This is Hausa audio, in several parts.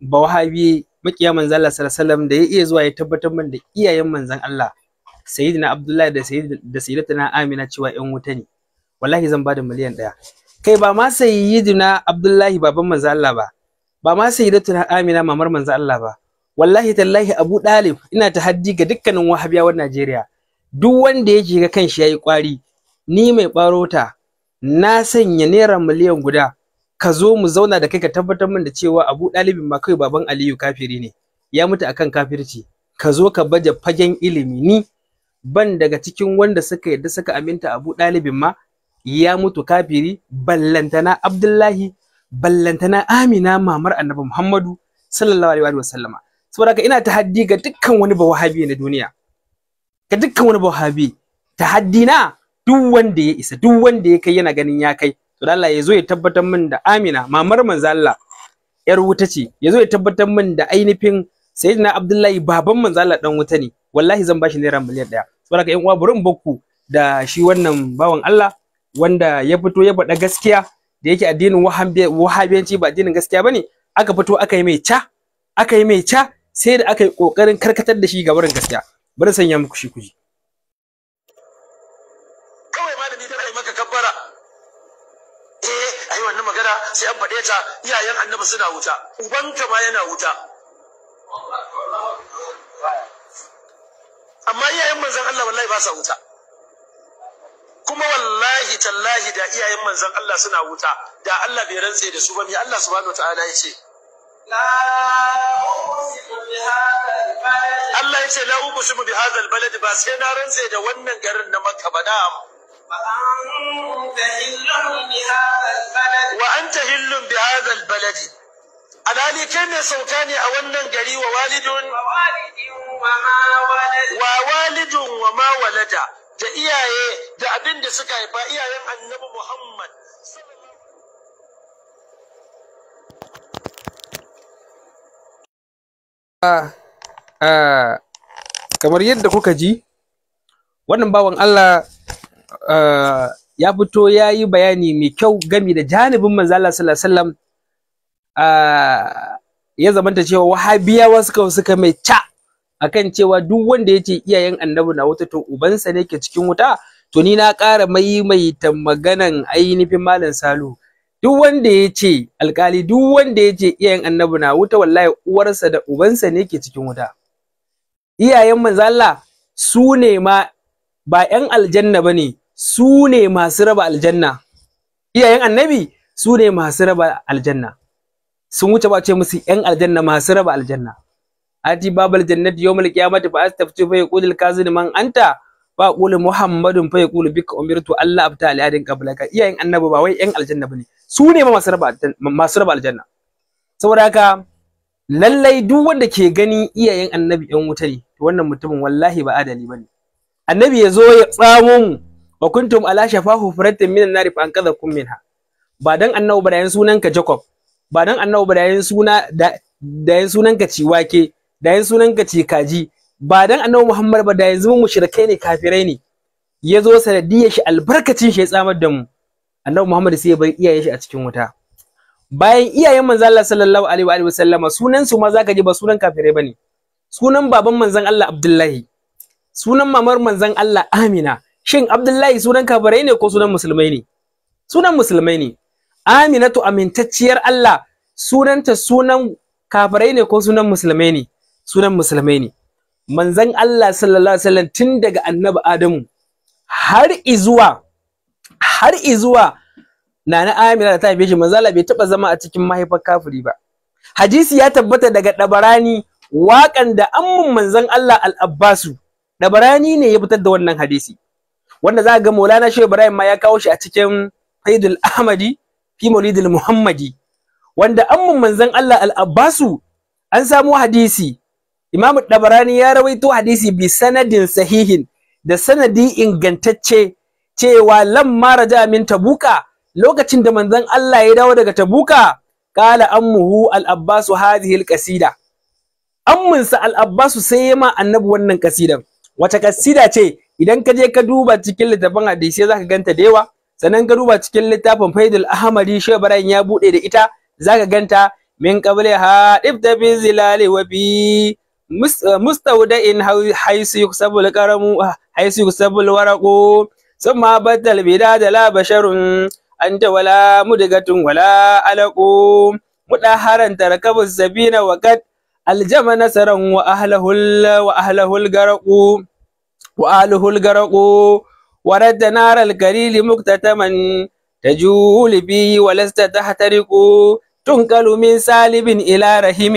bawahabi makiya manzon Allah sallallahu alaihi wasallam da ya iya zuwa ya tabbatar man da iyayen manzon Allah sayyidina Abdullahi da da sayyidatuna Amina cewa 'yan wuta ne wallahi zan bada miliyan ɗaya kai ba ma sayyidina Abdullahi baban manzon Allah ba ba ma sayyidatuna Amina mamar manzon Allah ba wallahi tallahi Abu Dalib ina tahaddi ga dukkanin wahabiyawan Najeriya duk wanda yake ga kanshi yayi kwari ni mai barota na sanya naira miliyan guda ka zo mu zauna da kai ka tabbatar min da cewa Abu ɗalibin ma kai baban Aliyu kafiri ne ya mutu akan kafirci ka zo ka baje fagen ilimi ni ban daga cikin wanda suka yadda suka aminta Abu ɗalibin ma ya mutu kafiri ballantana Abdullahi ballantana Amina mamar Annabi Muhammadu sallallahu alaihi wa sallama saboda ina tahaddi ga dukkan wani bawahabi na duniya ga dukkan wani bawahabi tahaddina duk wanda ya isa duk wanda ya kai yana ganin ya kai to Allah ya zo ya tabbatar min da Amina mamar manzo Allah yar wuta ce ya zo ya tabbatar min da ainihin sayyidina Abdullahi baban manzo Allah dan wuta ne wallahi zan bashi naira miliyan ɗaya saboda ka yan uwa burin bakku da shi wannan bawan Allah wanda ya fito ya bada gaskiya da yake addinin wahabiyanci ba addinin gaskiya bane aka fito aka yi mai ca aka yi mai ca sai da aka yi kokarin karkatar da shi ga barin gaskiya bari sanya muku shi kuji ai wannan magana sai an faɗe ta iyayen annabi suna wuta ubanka ma yana wuta amma iyayen manzon Allah wallahi ba sa wuta kuma wallahi tallahi da iyayen manzon Allah suna wuta da Allah bai rantse da su ba ne Allah subhanahu wataala ya ce Allah ya ce la ubusu bi hadha al-balad ba sai na rantse da wannan garin na Makka ba na'am wa anta hillun bi hadha albalad kai mai sauka ne a wannan gari wa walidun wa walada da iyaye da abin da suka haifa iyayen annabi Muhammad ah, ah, kamar yadda kuka ji wannan bawan Allah ya fito ya yi bayani mai kyau gami da janibin manzo Allah sallallahu alaihi ya zamanta cewa wahabiyawa suka suka mai ca akan cewa duk wanda yake iyayen annabi na wuta to ubansa ne ke cikin wuta to ni na ƙara mai mai maganan ainihin malam salu duk wanda yace alkali duk wanda yace iyayen annabi na wuta wallahi uwarsa da ubansa ne ke cikin wuta iyayen manzo Allah su ne ma ba 'yan aljanna bane su ne masu raba aljanna iyayen annabi su ne masu raba aljanna sun wuce ba ce musu yan aljanna masu raba aljanna ati babal jannati yawmal qiyamati fa astaftu fa yaqulu al kazin man anta fa qulu muhammadun fa yaqulu bika umirtu Allah abta ali adin qablaka iyayen annabi ba wai yan aljanna bane su ne masu raba masu raba aljanna saboda haka lallai duk wanda ke gani iyayen annabi yan wuta ne wannan mutumin wallahi ba adali bane annabi ya zo ya tsamo mu wa kuntum ala shafa hufratin minan nari fa anqadhakum minha ba dan annabi da yan sunanka Jacob ba dan annabi da yan suna da yan sunanka ciwake da yan sunanka cikaji ba dan annabi Muhammad ba da yanzu mu mushrikai ne kafirai ne ya zo sanadiyar shi albarkacin shi ya tsamar da mu annabi Muhammad sai ya bar iyayen shi a cikin wuta bayan iyayen manzo Allah sallallahu alaihi wa alihi wasallama sunan su ma zaka ji ba sunan kafirai bane sunan baban manzon Allah Abdullahi sunan mamar manzon Allah Amina shin Abdullahi sunan kafirai ne ko sunan musulmai ne sunan musulmai ne Aminatu amintacciyar Allah sunanta sunan kafirai ne ko sunan musulmai ne sunan musulmai ne manzon Allah sallallahu alaihi wasallam tun daga annabi Adamu har izuwa har izuwa nana Amina da ta haife shi manzala bai taba zama a cikin mahaifar kafiri ba hadisi ya tabbata daga dabarani waƙan da ammun manzon Allah al-Abbasu dabarani ne ya fitar da wannan hadisi wanda za ga Maulana Shehu Ibrahim ma ya kawo shi a cikin HaidulAhmadi Ahmadi fi Maulidil Muhammadi wanda amman manzon Allah al-Abbasu an samu hadisi Imam Dabarani ya rawaito hadisi bi sanadin sahihin da sanadi ingantacce cewa lamma raja min tabuka lokacin da manzon Allah ya dawo daga tabuka kala ammuhu al-Abbasu hadhihi al-qasida amminsa al-Abbasu sai ya ma annabi wannan qasidan wace ƙasida ce idan ka je ka duba cikin littafin hadisi zaka ganta da yawa sannan ka duba cikin littafin faidul ahmadi barayin ya bude da ita zaka ganta min qabli ha ibda bi zilali wa bi mustawda'in haisu yuksabu karamu haisu yuksabu alwaraqu thumma badal bidada la basharun anta wala mudgatun wala alaqu mudaharan tarkabu zabina wa qad aljama nasaran wa ahlahul wa ahlahul garaqu وأهله الغرق وردت نار الكليل مكتتما تجول به ولست تحترق تنقل من سالب إلى رحم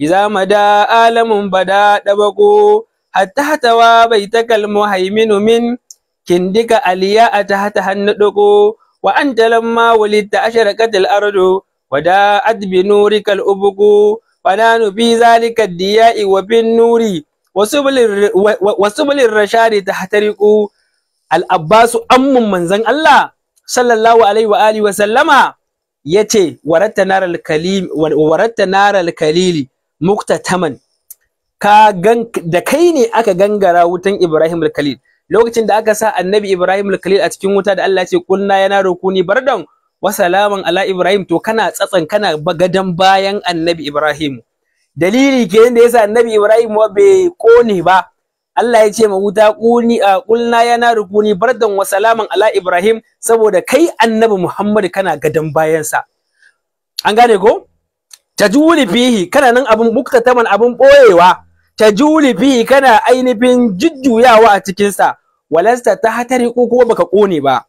إذا مدى آلم بدا دبق حتى احتوى بيتك المهيمن من كندك ألياء تحتها الندق وأنت لما ولدت أشركت الأرض وداءت بنورك الأبق ونحن في ذلك الدياء وبالنور wasu bulin rashari ta hatariku al'abbasu ammun manzan Allah sallallahu alaihi wa alihi wa sallama ya ce waratta naral kalili muktataman ka da kai ne aka gangara wutan Ibrahim al lokacin da aka sa annabi Ibrahim al a cikin wuta da Allah ya ce kunna yana rukuni bardan wa salaman ala Ibrahim to kana tsatsan kana bagadan bayan annabi Ibrahim dalili kenan da yasa annabi ibrahim wa bai kone ba Allah ya ce ma wuta kuni a kulna yana rukuni bardan wa salaman ala ibrahim saboda kai annabi muhammad kana gadan bayansa an gane ko tajuli fihi kana nan abun taman abun boyewa tajuli fihi kana ainihin jujjuyawa a cikin sa walasta ta hatari ko kuma baka kone ba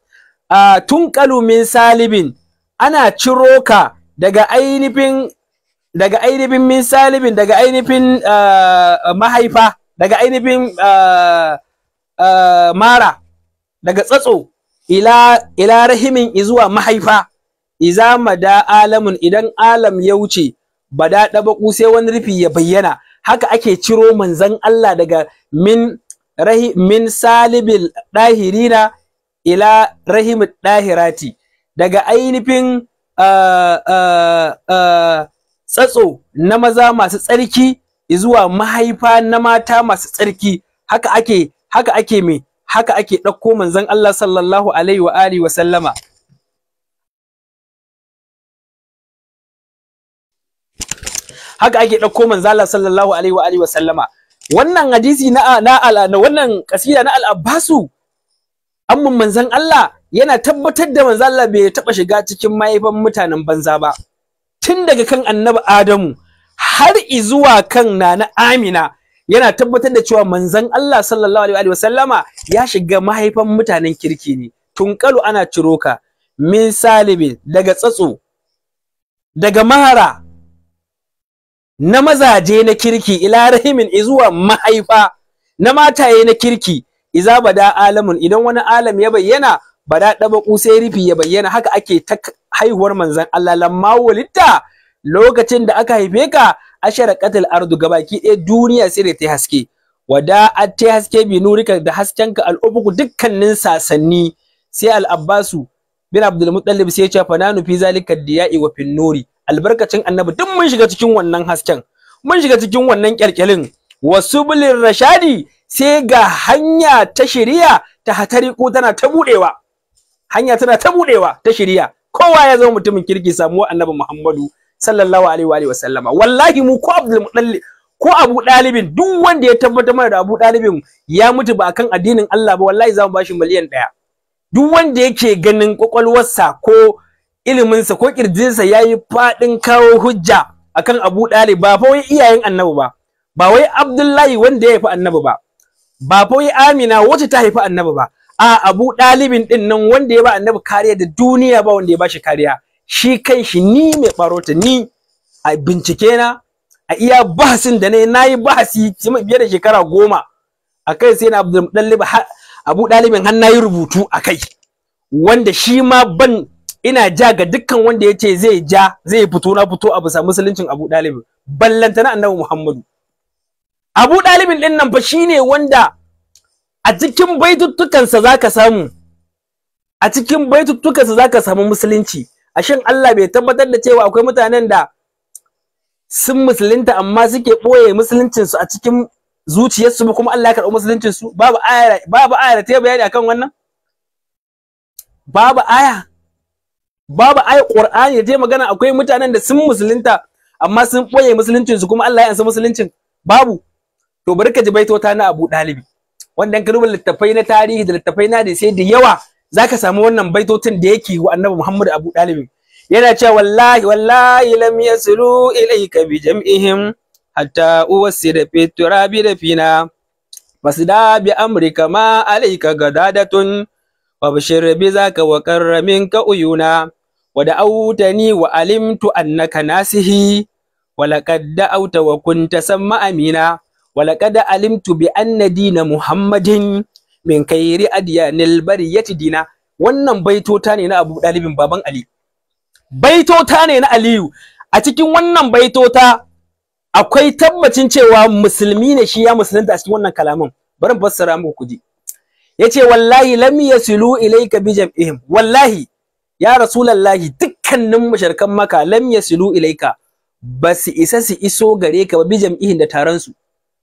a tunqalu min salibin ana ciro ka daga ainihin daga ainihin min daga ainihin ah, mahaifa daga ainihin ah, ah, mara daga tsatso ila ila rahimin izuwa mahaifa iza mada alamun idan alam ya wuce ba bada dabaku sai wani rufi ya bayyana haka ake ciro manzan Allah daga min rahi min salibil ila rahimid dahirati daga ainihin uh, tsatso na maza masu tsarki zuwa mahaifa na mata masu tsarki haka ake haka ake me haka ake ɗauko manzon Allah sallallahu alaihi wa alihi wa sallama haka ake ɗauko manzon Allah sallallahu alaihi wa alihi wa sallama wannan hadisi na na, alana wannan kasida na al-Abbasu amma manzon Allah yana tabbatar da manzon Allah bai taɓa shiga cikin mahaifan mutanen banza ba tun daga kan annabi Adamu har izuwa kan nana Amina yana tabbatar da cewa manzon Allah sallallahu alaihi wasallama ya shiga mahaifan mutanen kirki ne tunkalu ana ciro ka min salibin daga tsatso daga mahara na mazaje na kirki ila rahimin izuwa mahaifa na mataye na kirki iza bada alamun idan wani alam ya bayyana bada daba sai rufi ya bayyana haka ake haihuwar manzan Allah lamma walitta lokacin da aka haife ka ashara qatil ardu gabaki ɗaya duniya sai da ta haske wada ta haske bi nurika da haskenka al'ubuku dukkanin sasanni sai al'abbasu bin abdul muttalib sai ya ce fananu fi zalika diya'i wa fin nuri albarkacin annabi duk mun shiga cikin wannan hasken mun shiga cikin wannan kyalkyalin wasu bilin rashadi sai ga hanya ta shiriya ta hatari ko tana ta budewa hanya tana ta budewa ta shiriya kowa ya zama mutumin kirki samuwa annabi Muhammadu sallallahu alaihi wa alihi wasallama wallahi mu ko Abdul Muttalib ko Abu Dalibin duk wanda ya tabbatar mana da Abu Dalibin ya mutu ba akan addinin Allah ba wallahi zamu bashi miliyan ɗaya duk wanda yake ganin kwakwalwarsa ko iliminsa ko kirjinsa ya yi faɗin kawo hujja akan Abu Dalib ba fa wai iyayen annabi ba ba wai Abdullahi wanda ya haifi annabi ba ba fa wai Amina wacce ta haifi annabi ba a Abu Dalibin din nan wanda ya ba Annabi kariya da duniya ba wanda ya ba shi kariya shi kan shi ni mai barota ni a bincike na a iya bahasin da nayi nayi bahasi biye da shekara goma akai sai na Abdul Abu Dalibin har nayi rubutu akai wanda shi ma ban ina ja ga dukkan wanda ya ce zai ja zai fito na fito a bisa musuluncin Abu dalibin ballantana Annabi Muhammadu Abu Dalibin din nan fa shine wanda a cikin baituttukansa za ka samu a cikin baituttukansa za ka samu musulunci shin Allah bai tabbatar da cewa akwai mutanen da sun musulunta amma suke ɓoye musuluncinsu a cikin zuciyarsu ba kuma Allah ya karɓi musuluncinsu babu aya babu aya da ta yi bayani akan wannan babu aya babu aya Qur'ani da ta yi magana akwai mutanen da sun musulunta amma sun ɓoye musuluncinsu kuma Allah ya ansa musuluncin babu to bari ka ji baitota na Abu Dalibi wanda ka duba littafai na tarihi da littafai na da sai da yawa zaka samu wannan baitocin da yake wa annabi Muhammad Abu Dalib yana cewa wallahi wallahi lam yasru ilayka bi jam'ihim hatta uwasir fi turabi da fina fasda bi amrika ma alayka gadadatun uyuna. بذاك autani wa alimtu annaka nasihi wa laqad da'awta wa kunta سمع amina ولقد علمت بأن دين محمد من خير أديان البرية دينا wannan baitota ne na Abu Dalibin baban Ali baitota ne na Aliyu a cikin wannan baitota akwai tabbacin cewa musulmi ne shi ya musulunta a cikin wannan kalaman bari fassara muku kuji yace wallahi lam yasilu ilayka bi jam'ihim wallahi ya rasulullahi dukkanin mushrikan maka lam yasilu ilayka basu isa su iso gare ka ba bi jam'ihin da taron su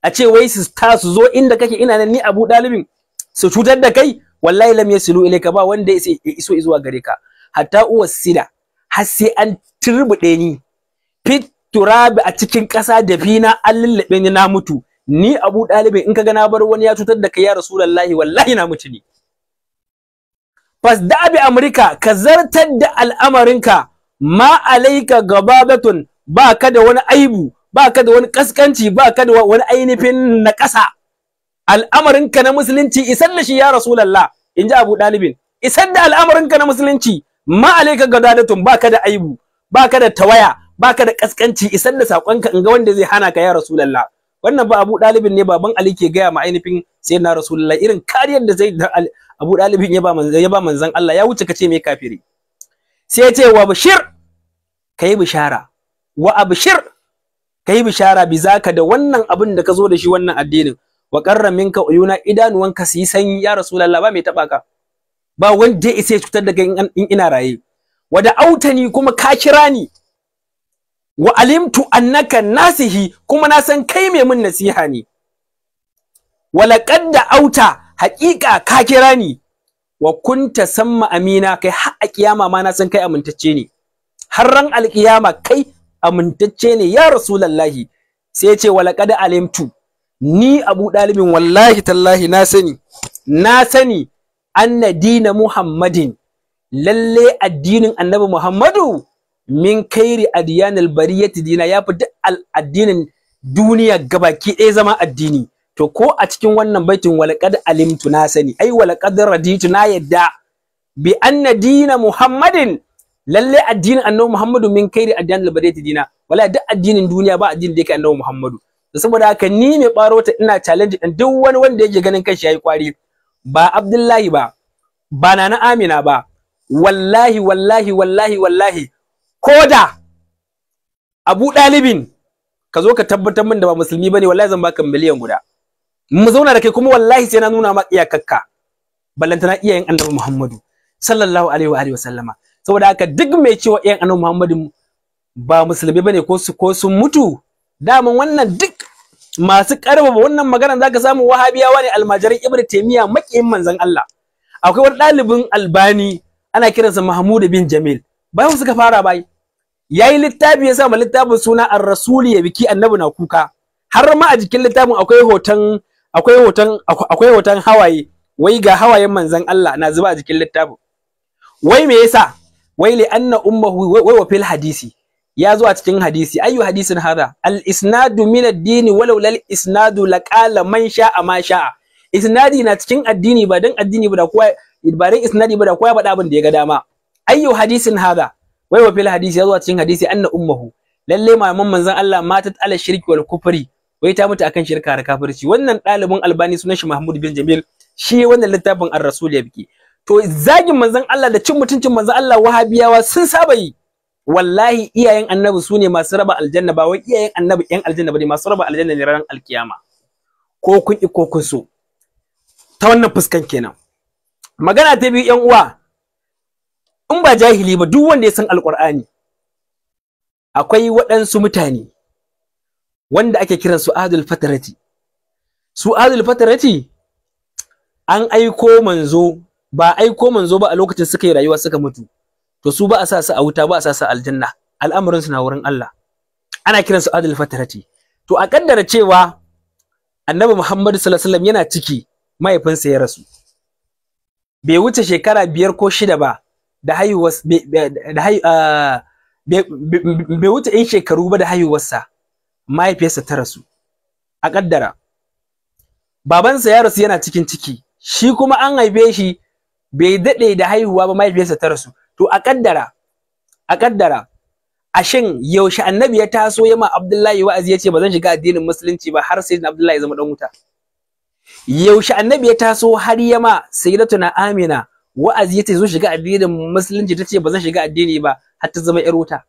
a ce wai su ta su zo inda kake ina nan ni Abu Dalibin su cutar da kai wallahi lam yasilu ilayka ba wanda ya iso zuwa gare ka hatta uwa sida har sai an turbude ni fit turabi a cikin ƙasa da fina an lullube ni na mutu ni Abu Dalibin in kaga na bar wani ya cutar da kai ya Rasulullahi wallahi na mutu ne da bi amrika ka zartar da al'amarinka ma alaika gababatun ba ka da wani aibu ba ka da wani kaskanci ba ka da wani ainihin na ƙasa al'amarinka na musulunci isar da shi ya rasulallah in ji abu ɗalibin isar da al'amarinka na musulunci ma alaika gadadatun ba ka da aibu ba ka da tawaya ba ka da kaskanci isan da saƙonka in ga wanda zai hana ka ya rasulallah wannan ba abu ɗalibin ne baban ali ke gaya ma ainihin na rasulallah irin kariyar da zai abu ɗalibin ya ba manzan ya ba manzan Allah ya wuce kace mai kafiri sai ya ce wa bashir kai bishara wa abshir kai bishara bi zaka da wannan abin da ka zo da shi wannan addinin wa qarra minka uyuna idanuwanka su yi sanyi ya rasulullah ba mai taba ka ba wanda ya isa ya cutar da kai in ina raye wa da autani kuma ka kira ni wa alimtu annaka nasihi kuma na san kai mai mun nasiha ne laqad da auta haƙiƙa ka kira ni wa kunta samma amina kai har a kiyama ma na san kai amintacce ne har ran alkiyama kai amintacce ne ya rasulallahi sai ce walaqad alimtu ni abu dalibin wallahi tallahi na sani na sani anna dina muhammadin lalle addinin annabi muhammadu min kairi adiyanil bariyati dina ya fi duk addinin duniya gabaki ɗaya zama addini to ko a cikin wannan baitin walaqad alimtu na sani ai walaqad raditu na yadda bi anna dina muhammadin lalle addinin annabi Muhammadu min kairi addinan labadaiti dina wala duk addinin duniya ba addinin da yake annabi Muhammadu saboda haka ni mai baro ta ina challenge din duk wani wanda yake ganin kanshi yayi kwari ba Abdullahi ba ba Nana Amina ba wallahi wallahi wallahi wallahi koda Abu Dalibin ka zo ka tabbatar min da ba musulmi bane wallahi zan baka miliyan guda mu zauna da kai kuma wallahi sai na nuna ma iyakakka ballantana iyayen Annabi Muhammadu sallallahu alaihi wa alihi wa sallama saboda haka duk mai cewa yan annabi Muhammadu ba musulmi bane ko su ko sun mutu daman wannan duk masu karbaba wannan magana zaka samu wahabiyawa ne almajirin ibnu taymiya makiyin manzon Allah akwai wani dalibin albani ana kiransa mahmud bin jamil bayan suka fara bai yayi littafi ya sa littafin suna ar-rasuli ya biki annabi na kuka har ma a jikin littafin akwai hoton akwai hoton akwai hoton hawaye wai ga hawayen manzon Allah na zuba a jikin littafin wai me yasa wai li anna ummahu wai wa fil hadisi ya zo a cikin hadisi ayu hadisin hada al isnadu min ad-dini walau lal isnadu laqala man sha'a ma sha'a isnadi na cikin addini ba dan addini ba da kowa ba dan isnadi ba da kowa faɗa abin da ya ga dama ayu hadisin hada wai wa fil hadisi ya zo a cikin hadisi anna ummuhu lalle maman manzon Allah matat ala shirki wal kufri wai ta mutu akan shirka da kafirci wannan dalibin albani sunan shi mahmud bin jamil shi wannan littafin ar-rasul ya biki to zagin manzon Allah da cin mutuncin manzon Allah wahabiyawa sun saba yi wallahi iyayen annabi su ne masu raba aljanna ba wai iyayen annabi yan aljanna ba ne masu raba aljanna ne ranar alkiyama ko kun ko kun so ta wannan fuskan kenan magana ta biyu yan uwa in ba jahili ba duk wanda ya san alqur'ani akwai waɗansu mutane wanda ake kiran su adul fatarati su adul fatarati an aiko manzo ba aiko manzo ba a lokacin suka yi rayuwa suka mutu to su ba a sa su a wuta ba a sa su aljanna al'amarin su na wurin Allah ana kiran su adil fatarati to a kaddara cewa annabi Muhammadu sallallahu alaihi wasallam yana ciki mahaifinsa ya rasu bai wuce shekara biyar ko shida ba da haihuwar da hai ah, bai wuce in shekaru ba da haihuwarsa mahaifiyarsa ta rasu a kaddara babansa ya rasu yana cikin ciki shi kuma an haife shi bai daɗe da haihuwa ba mahaifiyarsa ta rasu to a ƙaddara, a kaddara a shin yaushe annabi ya taso ya ma abdullahi wa'azi ya ce ba zan shiga addinin musulunci ba har sai abdullahi ya zama dan wuta yaushe annabi ya taso har ya ma na amina wa'azi ya ce zo shiga addinin musulunci ta ce ba zan shiga addini ba har ta zama yar wuta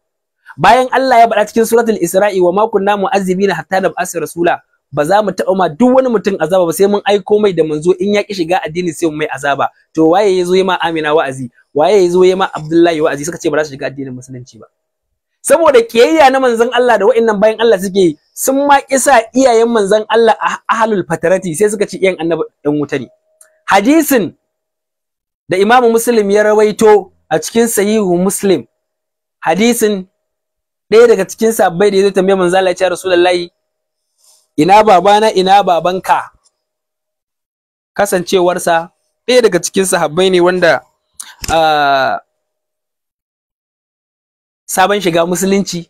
bayan Allah ya faɗa cikin suratul isra'i wa ma kunna mu'azzibina hatta nab'as rasula ba za mu taɓa ma duk wani mutum azaba ba sai mun aiko mai da manzo in ya ki shiga addini sai mun mai azaba to waye yazo ya ma Amina wa'azi waye yazo ya ma Abdullahi wa'azi suka ce ba za su shiga addinin musulunci ba saboda kiyayya na manzon Allah da wa'annan bayan Allah suke sun ma kisa iyayen manzon Allah a ahlul fatarati sai suka ce iyayen annabi dan wuta ne hadisin da Imam Muslim ya rawaito a cikin sahihu Muslim hadisin ɗaya daga cikin sabbai da ya zo tambaye manzon Allah ya ce Rasulullahi ina babana ina babanka kasancewarsa ɗaya daga cikin sahabbai ne wanda sabon shiga musulunci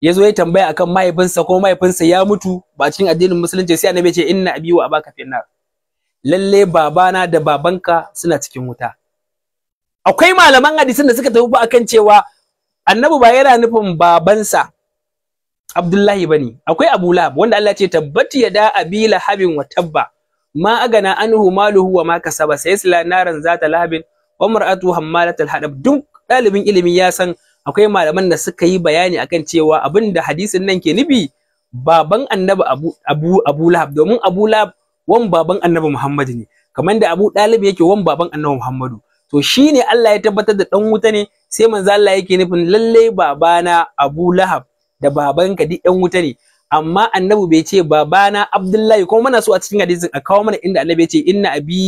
ya zo ya tambaya akan mahaifinsa ko mahaifinsa ya mutu ba cikin addinin musulunci sai annabi ce inna abiyu a abaka finnar lalle babana da babanka suna cikin wuta akwai malaman hadisin da suka tafi akan cewa annabi ba yana nufin babansa Abdullahi bane akwai Abu Lahab wanda Allah ce tabbati da abila lahabin wa tabba ma agana anhu maluhu wa ma kasaba sayasla naran zata lahabin wa mar'atu hammalatul hadab duk dalibin ilimi ya san akwai malaman da suka yi bayani akan cewa abinda hadisin nan ke nubi baban annabi Abu Abu Abu Lahab domin Abu Lahab wan baban annabi Muhammad ne kamar da Abu Dalib yake wan baban annabi Muhammadu to shine Allah ya tabbatar da dan wuta ne sai manzo Allah yake nufin lallai babana Abu Lahab da babanka duk yan wuta ne amma annabi bai ce babana abdullahi kuma muna so a cikin hadisin a kawo mana inda annabi ya ce inna abi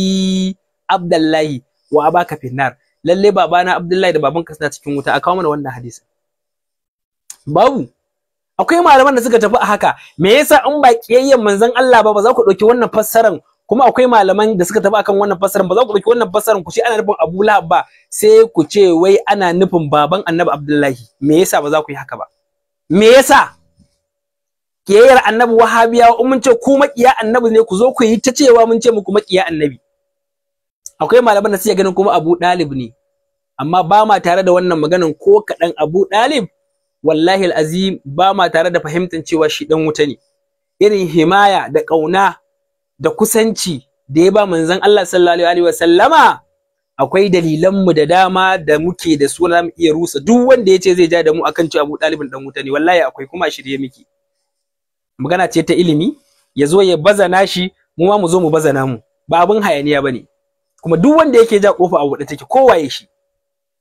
abdullahi wa abaka finnar lalle babana abdullahi da babanka suna cikin wuta a kawo mana wannan hadisin babu akwai malaman da suka tafi a haka me yasa in ba kiyayyen manzon Allah ba ba za ku dauki wannan fassarar kuma akwai malaman da suka tafi akan wannan fassarar ba za ku dauki wannan fassarar ku ce ana nufin Abu Lahab ba sai ku ce wai ana nufin baban Annabi Abdullahi me yasa ba za ku yi haka ba me yasa kiyayyar annabi wahabiyawa mun ce ku makiya annabi ne ku zo ku yi ta cewa mun ce muku makiya annabi akwai malaman da suke ganin kuma Abu Dalib ne amma ba ma tare da wannan maganan ko kaɗan Abu Dalib wallahi al'azim ba ma tare da fahimtar cewa shi dan wuta ne irin himaya da ƙauna da kusanci da ya ba manzon Allah sallallahu alaihi wasallama akwai dalilan mu da dama da muke da su na iya rusa duk wanda ya ce zai ja da mu akan cewa Abu Talibin dan wuta ne wallahi akwai kuma shirye miki magana ce ta ilimi ya zo ya bazana shi mu ma mu zo mu bazana mu ba abin hayaniya bane kuma duk wanda yake ja kofa a wuɗe take kowaye shi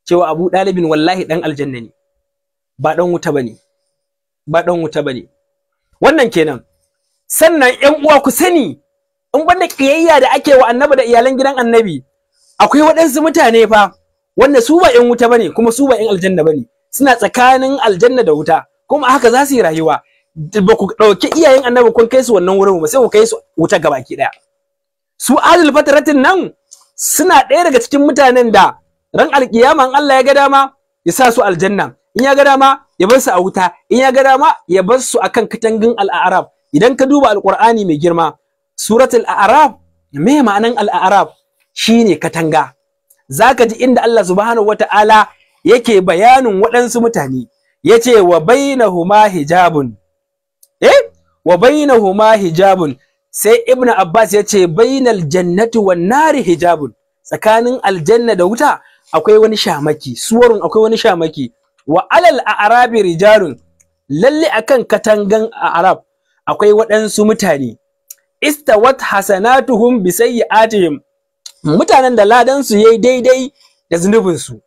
cewa Abu ɗalibin, wallahi dan aljanna ne ba dan wuta bane ba dan wuta bane wannan kenan sannan ƴan uwa ku sani in banda kiyayya da ake wa annabi da iyalan gidan annabi akwai waɗansu mutane fa wanda su ba ƴan wuta bane kuma su ba ƴan aljanna bane suna tsakanin aljanna da wuta kuma haka za su yi rayuwa ba ku ɗauki iyayen annabi kun kai su wannan wurin ba sai ku kai su wuta gabaki ɗaya su adil fataratin nan suna ɗaya daga cikin mutanen da ran alkiyama in Allah ya ga dama ya sa su aljanna in ya ga dama ya bar su a wuta in ya ga dama ya bar su akan katangin al'arab idan ka duba alqur'ani mai girma suratul a'raf me ma'anan al'araf shine katanga zaka ji inda Allah subhanahu wata'ala yake bayanin waɗansu mutane yace wa bainahuma hijabun eh wa bainahuma hijabun sai ibnu abbas yace bainal jannati wan nari hijabun tsakanin aljanna da wuta akwai wani shamaki suwarun akwai wani shamaki wa alal a'rabi rijalun lalle akan katangan a'rab akwai waɗansu mutane istawat hasanatuhum bi sayyi'atihim mutanen da ladansu yayi daidai da su,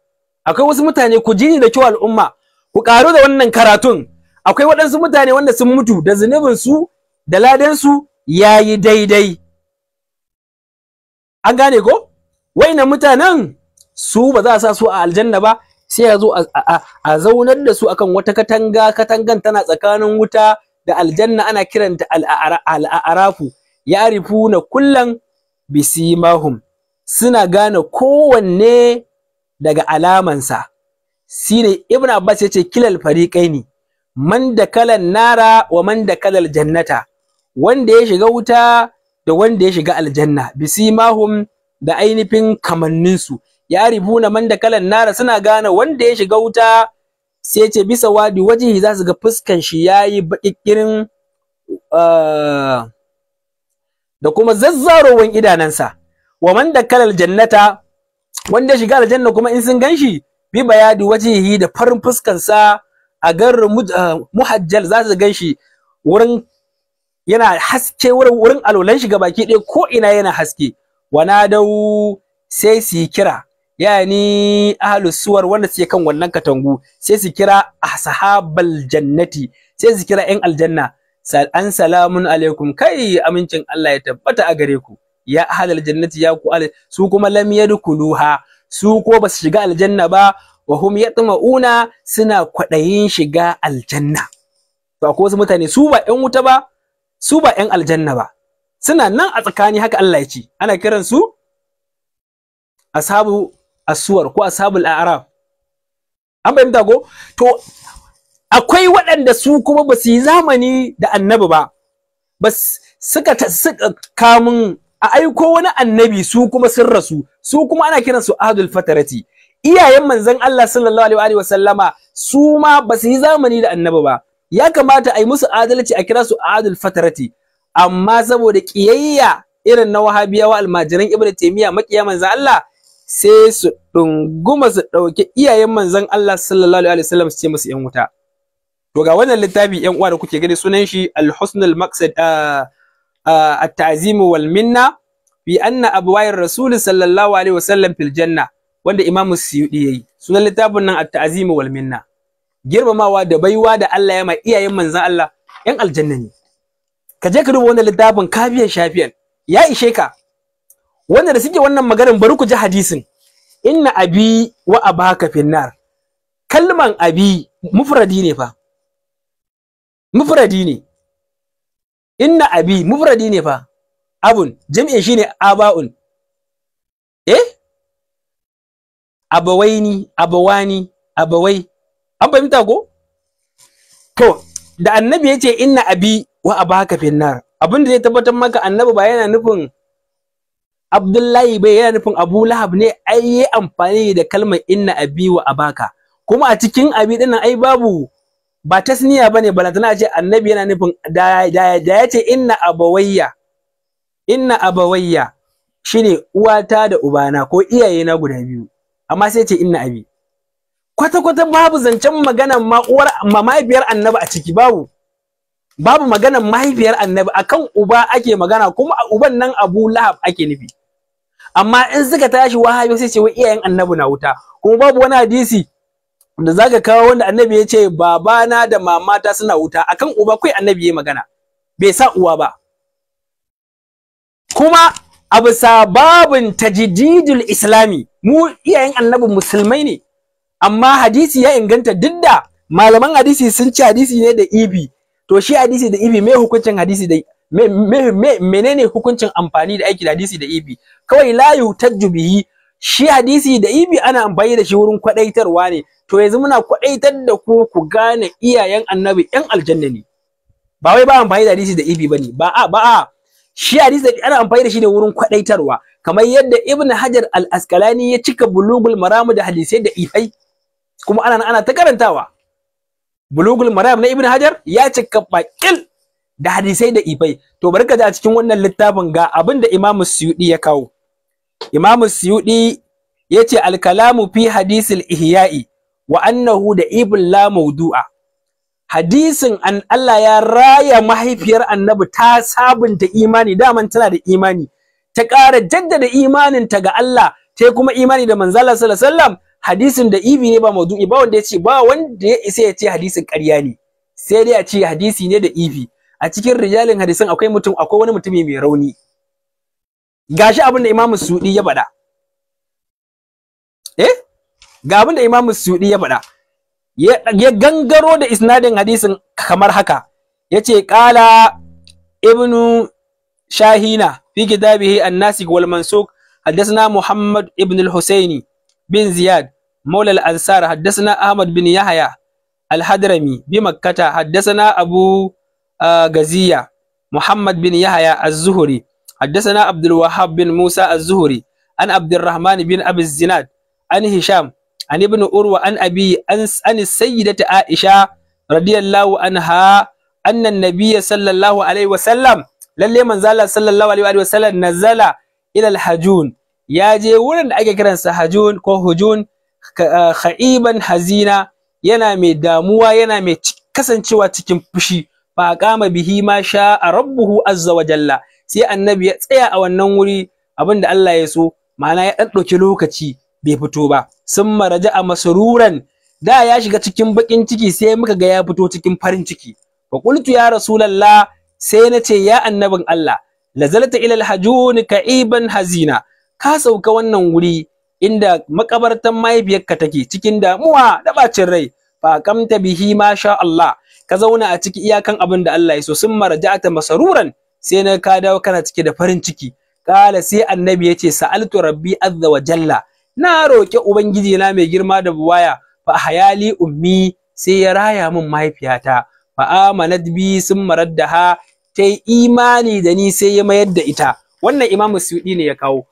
akwai wasu mutane ku jini da kyau al'umma ku ƙaru da wannan karatun akwai waɗansu mutane wanda sun mutu da su da ladansu yayi daidai an gane ko waina mutanen su ba za a sa su a aljanna ba sai a zo a zaunar da su akan wata katanga katangan tana tsakanin wuta da aljanna ana kiranta al'arafu ya arifu na kullan bisimahum suna gane kowanne daga alamansa ne ibn abbas ya ce kilal ne man da kalan nara wa man da kalal jannata wanda ya shiga wuta da wanda ya shiga aljanna bisimahum da ainihin kamanninsu ya na man da kalan nara suna gane wanda ya shiga wuta sai ce bisa wadi waje za su ga fuskan shi yayi baƙiƙirin ah, da kuma zazzarowan idanansa wa man dakkala aljannata, wanda shiga aljanna kuma in sun ganshi bi bayadi wajihi da farin fuskan sa a garin muhajjal za su ganshi wurin yana haske wurin alolan shi gabaki ɗaya ko ina yana haske wana dau sai su kira yani ahlus suwar wanda suke kan wannan katangu sai su kira ashabal jannati sai su kira yan aljanna an salamun alaikum kai amincin Allah ya tabbata a gare ku ya ahlal jannati ya ku su kuma lam yadkhuluha su ko ba su shiga aljanna ba wa hum yatma'una suna kwadayin shiga aljanna to akwai wasu mutane su ba yan wuta ba su ba yan aljanna ba suna nan a tsakani haka Allah ya ce ana kiran su ashabu aswar ko ashabul a'raf an fahimta ko to akwai waɗanda su kuma ba su yi zamani da annabi ba bas suka kamun a aiko wani annabi su kuma sun rasu su kuma ana kiran kiransu ahdul fatarati iyayen manzon Allah sallallahu alaihi wa sallama su ma ba su yi zamani da annabi ba ya kamata a yi musu adalci a kira su ahdul fatarati amma saboda kiyayya irin na wahabiyawa almajiran ibnu taymiya makiya manzon Allah sai su ɗunguma su ɗauki iyayen manzon Allah sallallahu alaihi sallam su ce musu yan wuta to ga wannan littafi yan uwa da kuke gani sunan shi al-husnul maqsad ah, at-ta'zim wal minna fi anna abwa'ir rasul sallallahu alaihi wasallam fil janna wanda imamu suyudi yayi sunan littafin nan at-ta'zim wal minna girmamawa da baiwa da Allah ya ma iyayen manzon Allah yan aljanna ne ka je ka duba wannan littafin kafiyan shafiyar. ya isheka, wanda da suke wannan maganar bari ku ji hadisin inna abi wa abaka finnar kalman abi mufradi ne fa mufradi ne inna abi mufradi ne fa abun jam'in shine aba'un eh abawaini abawani abawai an fahimta ko to da annabi yace inna abi wa abaka finnar abin da zai tabbatar maka annabi ba yana nufin Abdullahi bai yana nufin Abu Lahab ne ai yi amfani da kalmar inna abi wa abaka kuma a cikin abi dinnan ai babu ba tasniya bane balantana ce annabi yana nufin da ya ce inna abawayya inna abawayya shine uwata da ubana ko iyaye na guda biyu amma sai ce inna abi kwata kwata babu zancen maganan ma uwar mahaifiyar annabi a ciki babu babu maganan mahaifiyar annabi akan uba ake magana kuma a uban nan Abu Lahab ake nufi amma in suka tashi wahayo sai ce wa iyayen annabi na wuta kuma babu wani hadisi da zaka kawo wanda annabi ya ce babana da mamata suna wuta akan uba kai annabi ya magana bai sa uwa ba kuma abu sababun tajdidul islami mu iyayen annabi musulmai ne amma hadisi ya inganta didda, malaman hadisi sun ci hadisi ne da ibi to shi hadisi da ibi me hukuncin hadisi da me, menene hukuncin amfani da aiki da hadisi da ibi kawai la yutajju bihi shi hadisi da ibi ana amfani da shi wurin kwadaitarwa ne to yanzu muna kwaɗaitar da ku ku gane iyayen annabi yan aljanna ne ba wai ba amfani da hadisi da ibi bane ba a ba a shi hadisi da ana amfani da shi ne wurin kwadaitarwa kamar yadda ibnu hajar al asqalani ya cika bulugul maram da hadisai da ihai kuma ana ana ta karantawa bulugul maram na ibnu hajar ya cika bakil da hadisai da ifai to barka da cikin wannan littafin ga abin da imamu suyudi ya kawo imamu suyudi ya ce Alkalamu fi hadisil ihya'i wa annahu da ibn la mawdu'a hadisin an Allah ya raya mahaifiyar annabi ta sabunta imani daman tana da imani ta ƙara jaddada imaninta ga Allah ta kuma imani da manzala sallallahu alaihi wasallam hadisin da ibi ne ba mawdu'i ba wanda ya ce ba wanda ya isa ya ce hadisin ƙarya ne sai dai a ce hadisi ne da ibi a cikin rijalin hadisin akwai mutum akwai wani mutumi mai rauni gashi abin da Imam Sudi ya bada. eh Gamin da Imamus, sudi ya baɗa. Ya gangaro da isnadin hadisin kamar haka. Ya ce, ƙala! Ibnu Shahina fi kita biyar, annasin walman soka. Haddasa na Muhammad Ibn Hussaini bin Ziyad, mawular ansar. Haddasa na Ahmad bin Yahaya alhadarani biyu makkata. Haddasa na Abu uh, Gaziya Muhammad bin Yahaya al-Zuhri. Haddasa na Abdulwahab bin Musa al-Zuhri, an Abdi bin Abid jinad, an Hisham. an ibn urwa an abi an an aisha radiyallahu anha anna nabiyya sallallahu alaihi wasallam lalle manzo Allah sallallahu alaihi wasallam nazala ila al-hajun ya je wurin da ake kiransa hajun ko hujun kha'iban hazina yana mai damuwa yana mai kasancewa cikin fushi fa qama bihi ma sha rabbuhu azza wa jalla sai annabi ya tsaya a wannan wuri abinda Allah ya so ma'ana ya dan lokaci bai fito ba sun maraja a masaruran. da ya shiga cikin bakin ciki sai muka ga ya fito cikin farin ciki fa qultu ya rasulullah sai na ce ya annabin Allah lazalta ila alhajun ka'iban hazina ka sauka wannan wuri inda makabartan mahaifiyarka take cikin damuwa da bacin rai fa kamta bihi ma sha Allah ka zauna a ciki iyakan abin da Allah ya so sun ta masaruran sai na ka dawo kana cike da farin ciki kala sai annabi yace sa'altu rabbi azza wa jalla na roƙi ubangiji na mai girma da buwaya fa hayali ummi sai ya raya min mahaifiyata fa amanat bi sun ha ta yi imani da ni sai ya mayar da ita wannan imamu suyudi ne ya kawo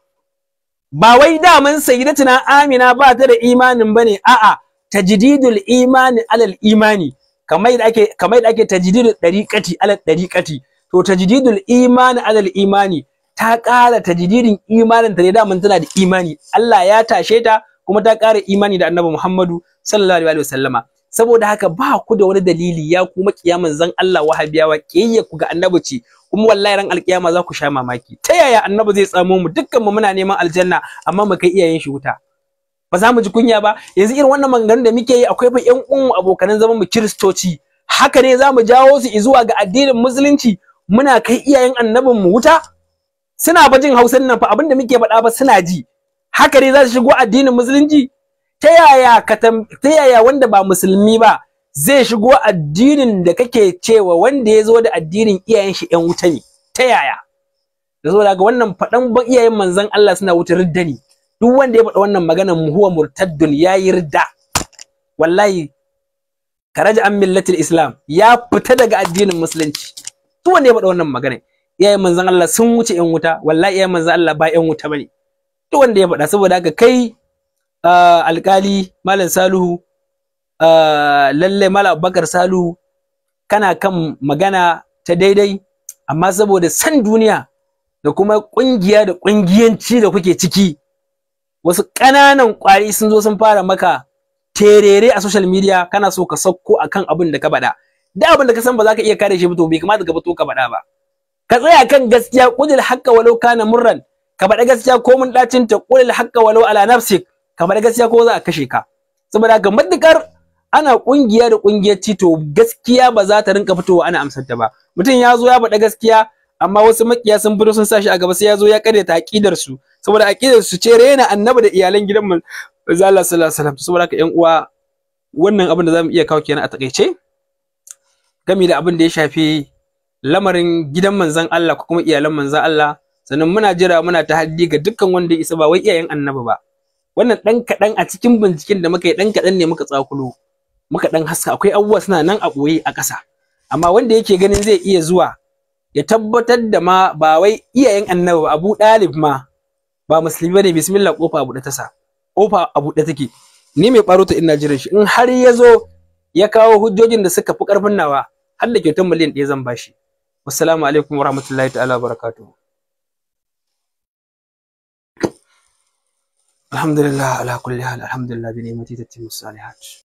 ba wai daman sayyidatuna amina ba ta da imanin bane a'a tajdidul imani alal imani kamar da ake kamar da ake tajdidul dariqati alal dariqati to tajdidul imani alal imani ta ƙara tajdidin imanin ta ne mun tana da imani Allah ya tashe ta kuma ta ƙara imani da Annabi Muhammadu sallallahu alaihi wasallama saboda haka ba ku da wani dalili ya kuma kiyaman zan Allah wahabiyawa kiyaye ku ga annabi ce kuma wallahi ran alkiyama za ku sha mamaki ta yaya annabi zai tsamo mu dukkan mu muna neman aljanna amma mu kai iyayen shi wuta ba za mu ji kunya ba yanzu irin wannan maganganun da muke yi akwai fa yan uwan abokanan zaman mu kiristoci haka ne za mu jawo su zuwa ga addinin musulunci muna kai iyayen annabin mu wuta suna ba jin hausan nan fa abin muke faɗa ba suna ji haka ne za su shigo addinin musulunci ta yaya ka ta yaya wanda ba musulmi ba zai shigo addinin da kake cewa wanda ya zo da addinin iyayen shi ƴan wuta ne ta yaya da zo daga wannan faɗan ba iyayen manzon Allah suna wuta ridda ne duk wanda ya faɗa wannan maganar huwa murtaddun yayi ridda wallahi karaja an millatul islam ya fita daga addinin musulunci duk wanda ya faɗa wannan magana iyayen manzon Allah sun wuce yan wuta wallahi iyayen manzon Allah ba yan wuta bane duk wanda ya faɗa saboda haka kai alkali malam Saluhu lalle malam Abubakar Saluhu kana kan magana ta daidai amma saboda san duniya da kuma ƙungiya da ƙungiyanci da kuke ciki wasu ƙananan ƙwari sun zo sun fara maka terere a social media kana so ka sauko akan abin da ka bada da abin da ka san ba za ka iya kare shi ba to bai kamata ka fito ka bada ba ka tsaya kan gaskiya kulil haqqa walau kana murran ka bada gaskiya ko mun dacin ta kulil haqqa walau ala nafsik ka bada gaskiya ko za a kashe ka saboda ga matukar ana kungiya da kungiyar to gaskiya ba za ta rinka fitowa ana amsar ta ba mutum ya zo ya bada gaskiya amma wasu makiya sun fito sun sa shi a gaba sai ya zo ya karyata aqidar su saboda aqidar su ce rena annabi da iyalan gidan manzo Allah sallallahu alaihi wasallam saboda ka 'yan uwa wannan abin da zamu iya kawo kenan a takaice gami da abin da ya shafi lamarin gidan manzan Allah ko kuma iyalan manzan Allah sannan muna jira muna ta haddi, ga dukkan wanda ya isa ba wai iyayen annabi ba wannan dan kadan a cikin binciken da muka yi dan kadan ne muka tsakulo muka dan haska akwai abubuwa suna nan a boye a ƙasa amma wanda yake ganin zai iya zuwa ya tabbatar da ma ba wai iyayen annabi ba Abu Dalib ma ba musulmi bane bismillah kofa abu da tasa kofa abu da take ni mai baro ta ina jiran shi in har ya zo ya kawo hujjojin da suka fi karfin nawa har da kyautar miliyan ɗaya zan bashi Wassalamu alaikum warahmatullahi ta'ala barakatuhu. Alhamdulillah ala kulli hal alhamdulillah bi ni'mati tatimmu salihat.